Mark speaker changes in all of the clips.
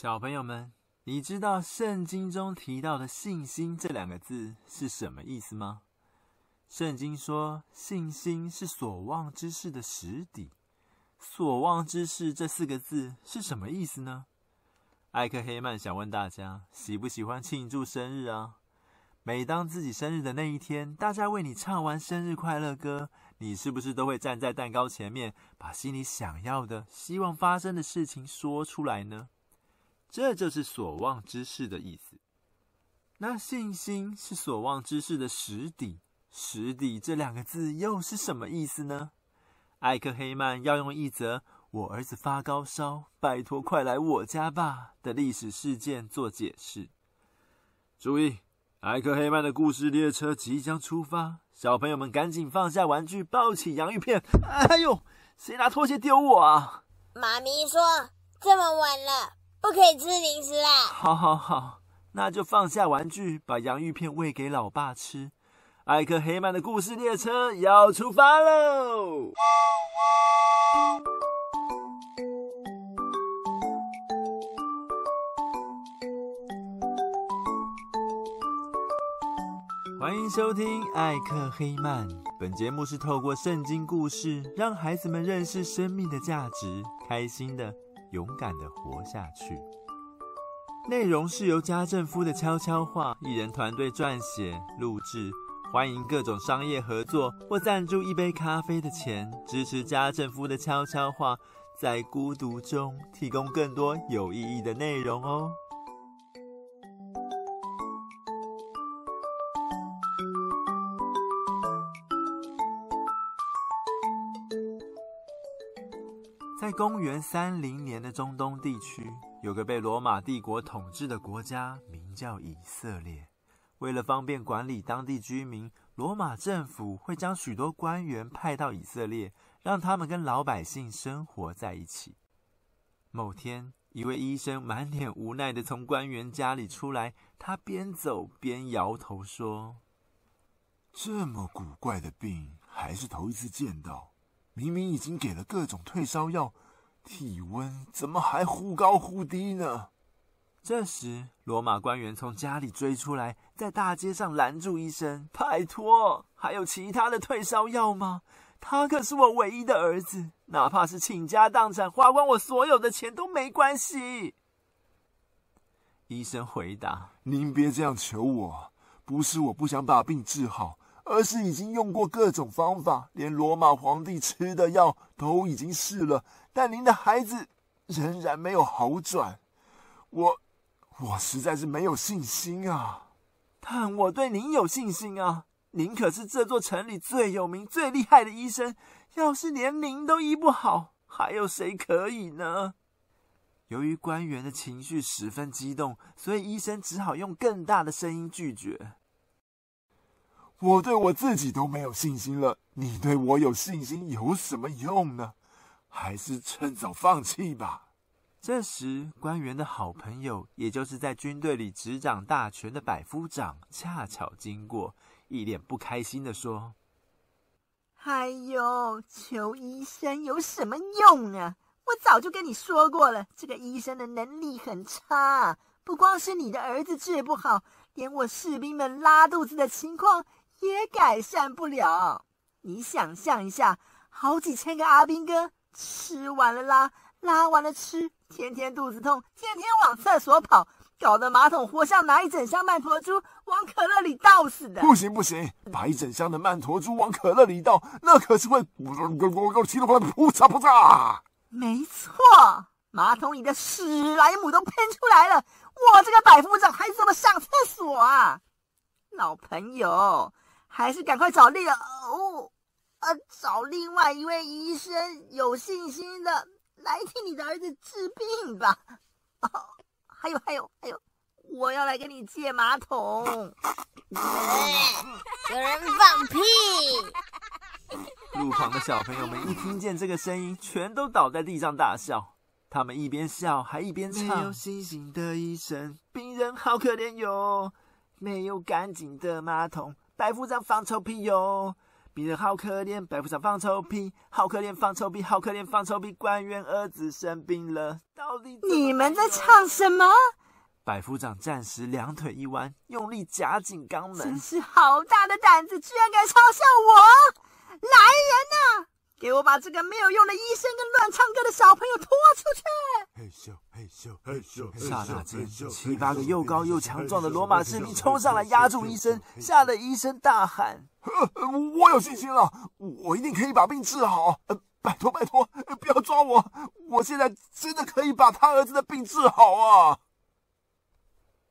Speaker 1: 小朋友們，你知道聖經中提到的“信心”這兩個字是什麼意思嗎？聖經說，信心是所望之事的實底。所望之事這四個字是什麼意思呢？艾克黑曼想問大家，喜不喜歡慶祝生日啊？每當自己生日的那一天，大家為你唱完生日快樂歌，你是不是都會站在蛋糕前面，把心裡想要的、希望發生的事情說出來呢？這就是所望之事的意思。那信心是所望之事的實底，實底這兩個字又是什麼意思呢？艾克黑曼要用一則“我兒子發高燒，拜託快來我家吧”的歷史事件做解釋。注意，艾克黑曼的故事列車即將出發，小朋友們趕緊放下玩具，抱起洋芋片。哎呦，誰拿拖鞋丟我啊？
Speaker 2: 媽咪說：“這麼晚了。”不可以吃零食啦！
Speaker 1: 好，好，好，那就放下玩具，把洋芋片餵給老爸吃。艾克黑曼的故事列車要出發嘍！歡迎收聽艾克黑曼。本節目是透過聖經故事，讓孩子們認識生命的價值，開心的。勇敢地活下去。內容是由家政夫的悄悄話藝人團隊撰寫、錄製。歡迎各種商業合作或贊助一杯咖啡的錢，支持家政夫的悄悄話，在孤獨中提供更多有意義的內容哦。在公元三零年的中東地區，有個被羅馬帝國統治的國家，名叫以色列。為了方便管理當地居民，羅馬政府會將許多官員派到以色列，讓他們跟老百姓生活在一起。某天，一位醫生滿臉無奈的從官員家裡出來，他邊走邊搖頭說：“這麼古怪的病，還是頭一次見到。”明明已經給了各種退燒藥，體溫怎麼還忽高忽低呢？這時，羅馬官員從家裡追出來，在大街上攔住醫生：“拜託，還有其他的退燒藥嗎？他可是我唯一的兒子，哪怕是傾家蕩產，花光我所有的錢都沒關係。”醫生回答：“您別這樣求我，不是我不想把病治好。”而是已經用過各種方法，連羅馬皇帝吃的藥都已經試了，但您的孩子仍然沒有好轉。我，我實在是沒有信心啊。但我對您有信心啊，您可是這座城裡最有名、最厲害的醫生。要是連您都醫不好，還有誰可以呢？由於官員的情緒十分激動，所以醫生只好用更大的聲音拒絕。我對我自己都沒有信心了，你對我有信心有什麼用呢？還是趁早放棄吧。這時，官員的好朋友，也就是在軍隊裡執掌大權的百夫長，恰巧經過，一臉不開心地說：“
Speaker 2: 還有、哎喲，求醫生有什麼用啊？我早就跟你說過了，這個醫生的能力很差，啊，不光是你的兒子治不好，連我士兵們拉肚子的情況。”也改善不了。你想象一下，好幾千個阿兵哥吃完了拉，拉完了吃，天天肚子痛，天天往廁所跑，搞得馬桶活像拿一整箱曼陀珠往可樂裡倒似的。不行
Speaker 1: 不行，把一整箱的曼陀珠往可樂裡倒，那可是會咕嚕咕嚕咕嚕咕嚕，七龍八面撲嚓撲嚓。
Speaker 2: 沒錯，馬桶裡的史萊姆都噴出來了。我這個百夫長還怎麼上廁所啊？老朋友。還是趕快找另，哦，呃，找另外一位醫生有信心的來替你的兒子治病吧。哦，還有還有還有，我要來給你借馬桶。有人放屁！
Speaker 1: 路旁的小朋友們一聽見這個聲音，全都倒在地上大笑。他們一邊笑還一邊唱：沒有信心的醫生，病人好可憐喲；沒有乾淨的馬桶。百夫長放臭屁喲、哦，病人好可憐，百夫長放臭屁，好可憐放臭屁，好可憐放臭屁，官員兒子生病了。
Speaker 2: 到底了你們在唱什麼？
Speaker 1: 百夫長暫時兩腿一彎，用力夾緊肛門。真是
Speaker 2: 好大的膽子，居然敢嘲笑我！我把這個沒有用的醫生跟亂唱歌的小朋友拖出去！嘿咻
Speaker 1: 嘿咻嘿咻。霎那間，七八個又高又強壯的羅馬士兵衝上來壓住醫生，嚇得醫生大喊：“我有信心了，我一定可以把病治好！拜託拜託，不要抓我！我現在真的可以把他兒子的病治好啊！”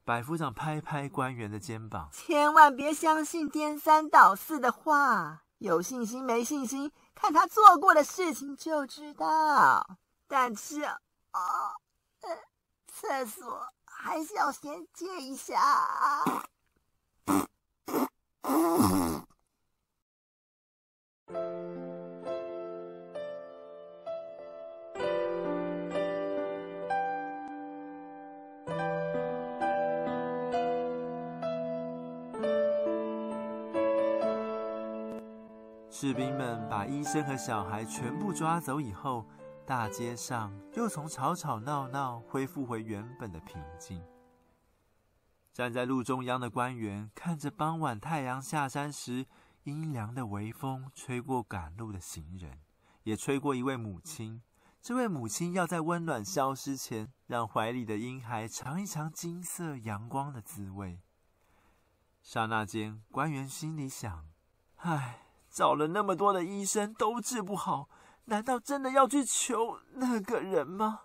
Speaker 1: 百夫長拍拍官員的肩膀：“
Speaker 2: 千萬別相信顛三倒四的話。”有信心沒信心，看他做過的事情就知道。但是啊、呃，廁所還是要先借一下。
Speaker 1: 士兵們把醫生和小孩全部抓走以後，大街上又從吵吵鬧鬧恢復回原本的平靜。站在路中央的官員看着傍晚太陽下山時，陰涼的微風吹過趕路的行人，也吹過一位母親。這位母親要在溫暖消失前，讓懷裡的嬰孩嘗一嘗金色陽光的滋味。剎那間，官員心裡想：“唉。”找了那麼多的醫生都治不好，難道真的要去求那個人嗎？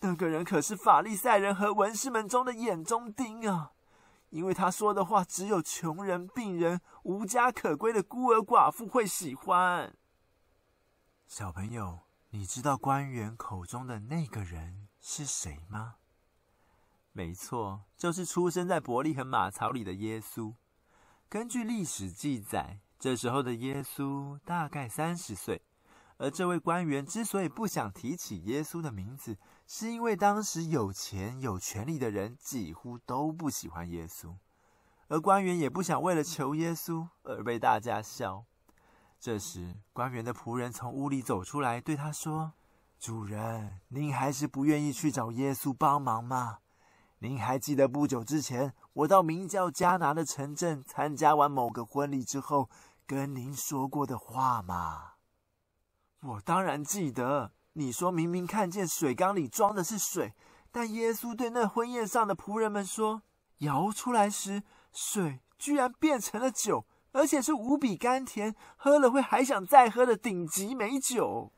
Speaker 1: 那個人可是法利賽人和文士們中的眼中釘啊！因為他說的話，只有窮人、病人、無家可歸的孤兒寡婦會喜歡。小朋友，你知道官員口中的那個人是誰嗎？沒錯，就是出生在伯利恆馬槽裡的耶穌。根據歷史記載。這時候的耶穌大概三十歲，而這位官員之所以不想提起耶穌的名字，是因為當時有錢有權力的人幾乎都不喜歡耶穌，而官員也不想為了求耶穌而被大家笑。這時，官員的僕人從屋裡走出來，對他說：“主人，您還是不願意去找耶穌幫忙嗎？您還記得不久之前，我到名叫迦拿的城鎮參加完某個婚禮之後。”跟您說過的話嗎？我當然記得。你說明明看見水缸裡裝的是水，但耶穌對那婚宴上的僕人們說，搖出來時水居然變成了酒，而且是無比甘甜，喝了會還想再喝的頂級美酒。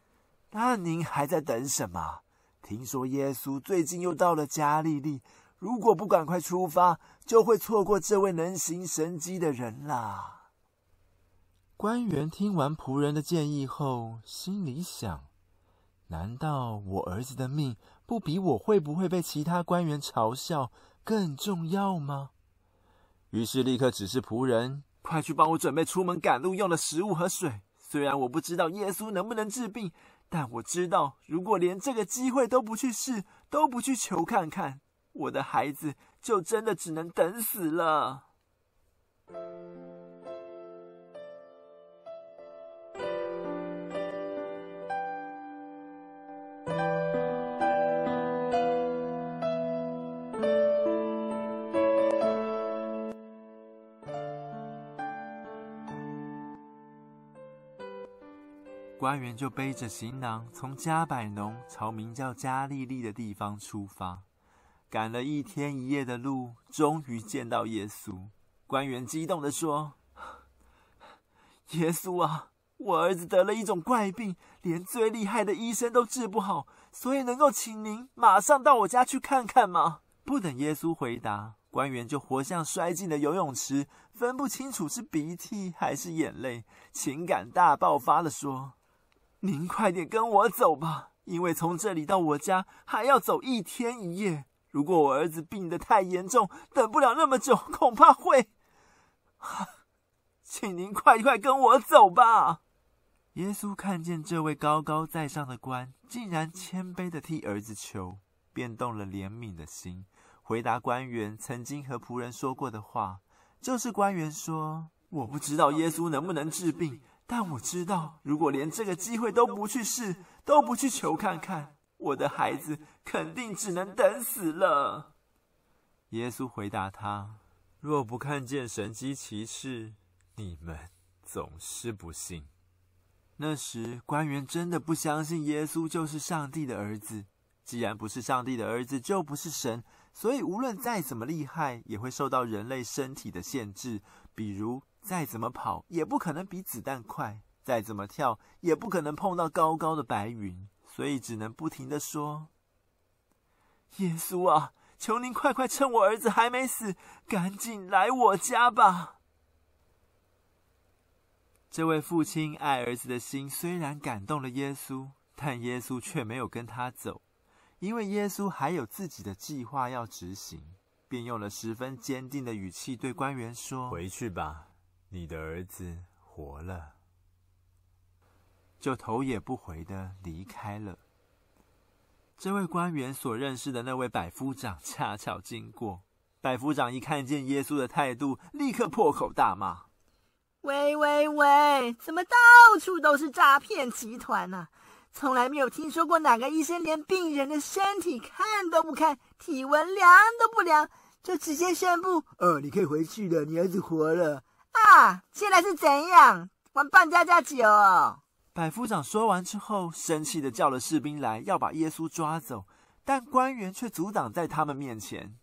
Speaker 1: 那您還在等什麼？聽說耶穌最近又到了加利利，如果不趕快出發，就會錯過這位能行神蹟的人啦。官員聽完僕人的建議後，心裡想：“難道我兒子的命不比我會不會被其他官員嘲笑更重要嗎？”於是立刻指示僕人：“快去幫我準備出門趕路用的食物和水。雖然我不知道耶穌能不能治病，但我知道，如果連這個機會都不去試、都不去求看看，我的孩子就真的只能等死了。”官員就背着行囊，從加百農朝名叫加利利的地方出發，趕了一天一夜的路，終於見到耶穌。官員激動地說：“耶穌啊，我兒子得了一種怪病，連最厲害的醫生都治不好，所以能夠請您馬上到我家去看看嗎？”不等耶穌回答，官員就活像摔進了游泳池，分不清楚是鼻涕還是眼淚，情感大爆發地說。您快點跟我走吧，因為從這裡到我家還要走一天一夜。如果我兒子病得太嚴重，等不了那麼久，恐怕會。啊，請您快快跟我走吧。耶穌看見這位高高在上的官竟然謙卑地替兒子求，便動了憐憫的心，回答官員曾經和僕人說過的話，就是官員說：“我不知道耶穌能不能治病。”但我知道，如果連這個機會都不去試，都不去求看看，我的孩子肯定只能等死了。耶穌回答他：“若不看見神蹟奇事，你們總是不信。”那時官員真的不相信耶穌就是上帝的兒子。既然不是上帝的兒子，就不是神。所以，無論再怎麼厲害，也會受到人類身體的限制。比如，再怎麼跑，也不可能比子彈快；再怎麼跳，也不可能碰到高高的白雲。所以，只能不停的說：“耶穌啊，求您快快趁我兒子還沒死，趕緊來我家吧。”這位父親愛兒子的心雖然感動了耶穌，但耶穌卻沒有跟他走。因為耶穌還有自己的計劃要執行，便用了十分堅定的語氣對官員說：“回去吧，你的兒子活了。”就頭也不回地離開了。這位官員所認識的那位百夫長恰巧經過，百夫長一看見耶穌的態度，立刻破口大罵：“
Speaker 2: 喂喂喂，怎麼到處都是詐騙集團啊！”從來沒有聽說過哪個醫生連病人的身體看都不看，體溫量都不量，就直接宣布：“呃，你可以回去了，你兒子活了啊！”現在是怎樣？玩扮家家酒、
Speaker 1: 哦？百夫長說完之後，生氣的叫了士兵來要把耶穌抓走，但官員卻阻擋在他們面前：“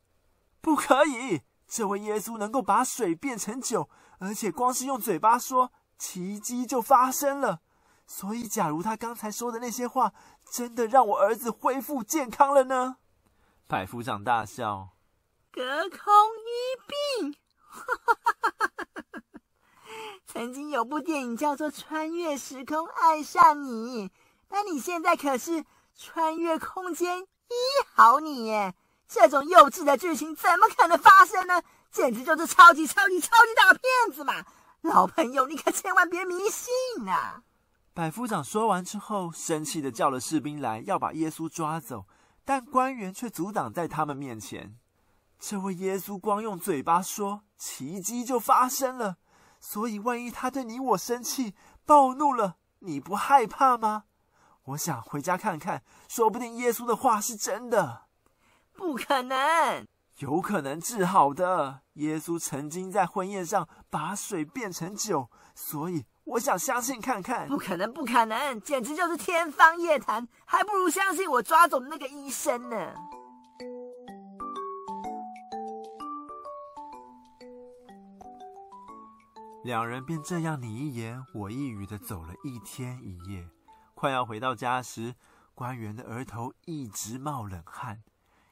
Speaker 1: 不可以！這位耶穌能夠把水變成酒，而且光是用嘴巴說，奇蹟就發生了。”所以，假如他剛才說的那些話真的讓我兒子恢復健康了呢？百夫長大笑，隔空醫病。
Speaker 2: 曾經有部電影叫做《穿越時空愛上你》，那你現在可是穿越空間醫好你耶！這種幼稚的劇情怎麼可能發生呢？簡直就是超級超級超級大騙子嘛！
Speaker 1: 老朋友，
Speaker 2: 你可千萬別迷信啊！
Speaker 1: 百夫長說完之後，生氣地叫了士兵來，要把耶穌抓走，但官員卻阻擋在他們面前。這位耶穌光用嘴巴說，奇蹟就發生了。所以，萬一他對你我生氣、暴怒了，你不害怕嗎？我想回家看看，說不定耶穌的話是真的。不可能，有可能治好的。耶穌曾經在婚宴上把水變成酒，所以。我想相信看看，不
Speaker 2: 可能，不可能，簡直就是天方夜譚，還不如相信我抓走的那個醫生呢。
Speaker 1: 兩人便這樣你一言我一語的走了一天一夜，快要回到家時，官員的額頭一直冒冷汗，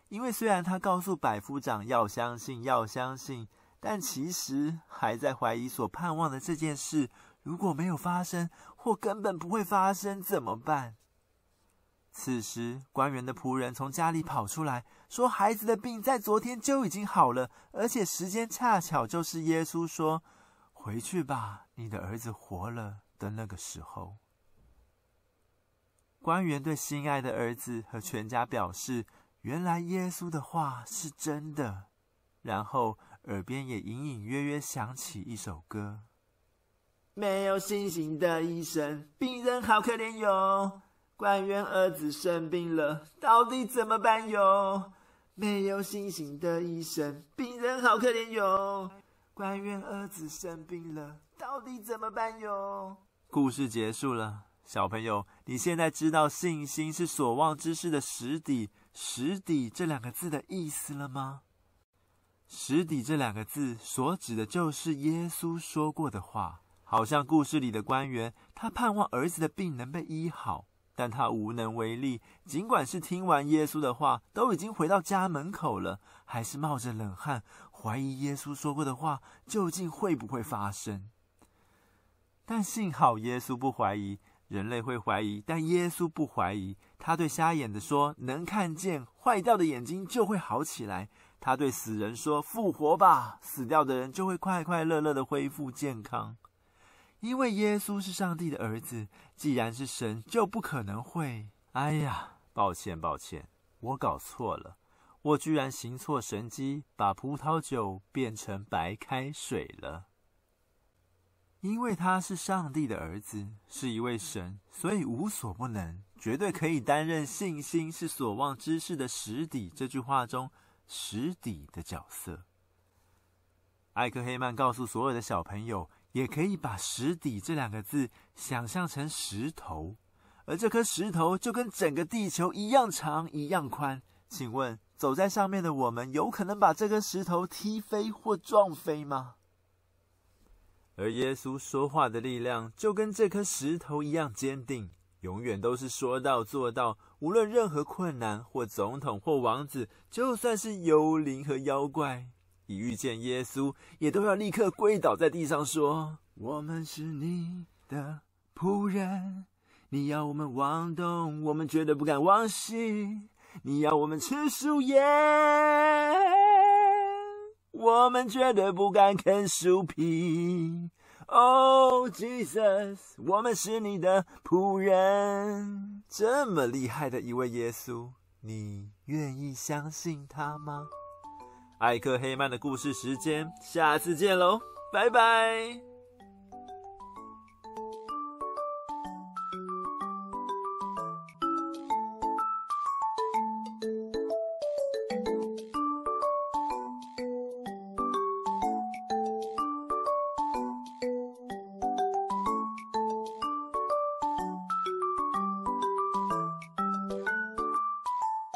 Speaker 1: 因為雖然他告訴百夫長要相信，要相信，但其實還在懷疑所盼望的這件事。如果沒有發生，或根本不會發生，怎麼辦？此時，官員的僕人從家裡跑出來，說：“孩子的病在昨天就已經好了，而且時間恰巧就是耶穌說‘回去吧，你的兒子活了’的那個時候。”官員對心愛的兒子和全家表示：“原來耶穌的話是真的。”然後，耳邊也隱隱約約響起一首歌。沒有信心的醫生，病人好可憐喲！官員兒子生病了，到底怎麼辦喲？沒有信心的醫生，病人好可憐喲！官員兒子生病了，到底怎麼辦喲？故事結束了，小朋友，你現在知道“信心是所望之事的實底”“實底”這兩個字的意思了嗎？“實底”這兩個字所指的就是耶穌說過的話。好像故事裡的官員，他盼望兒子的病能被醫好，但他無能為力。儘管是聽完耶穌的話，都已經回到家門口了，還是冒着冷汗懷疑耶穌說過的話究竟會不會發生。但幸好耶穌不懷疑，人類會懷疑，但耶穌不懷疑。他對瞎眼的說：“能看見，壞掉的眼睛就會好起來。”他對死人說：“復活吧，死掉的人就會快快樂樂的恢復健康。”因為耶穌是上帝的兒子，既然是神，就不可能會。哎呀，抱歉，抱歉，我搞錯了，我居然行錯神蹟，把葡萄酒變成白開水了。因為他是上帝的兒子，是一位神，所以無所不能，絕對可以擔任“信心是所望之事的實底”這句話中實底的角色。艾克黑曼告訴所有的小朋友，也可以把“實底”這兩個字想象成石頭，而這顆石頭就跟整個地球一樣長、一樣寬。請問，走在上面的我們，有可能把這顆石頭踢飛或撞飛嗎？而耶穌說話的力量，就跟這顆石頭一樣堅定，永遠都是說到做到。無論任何困難，或總統，或王子，就算是幽靈和妖怪。一遇見耶穌，也都要立刻跪倒在地上說：“我們是你的僕人，你要我們往東，我們絕對不敢往西；你要我們吃樹葉，我們絕對不敢啃樹皮。Oh, ”哦，Jesus，我們是你的僕人。這麼厲害的一位耶穌，你願意相信他嗎？艾克黑曼的故事時間，下次見嘍，拜拜。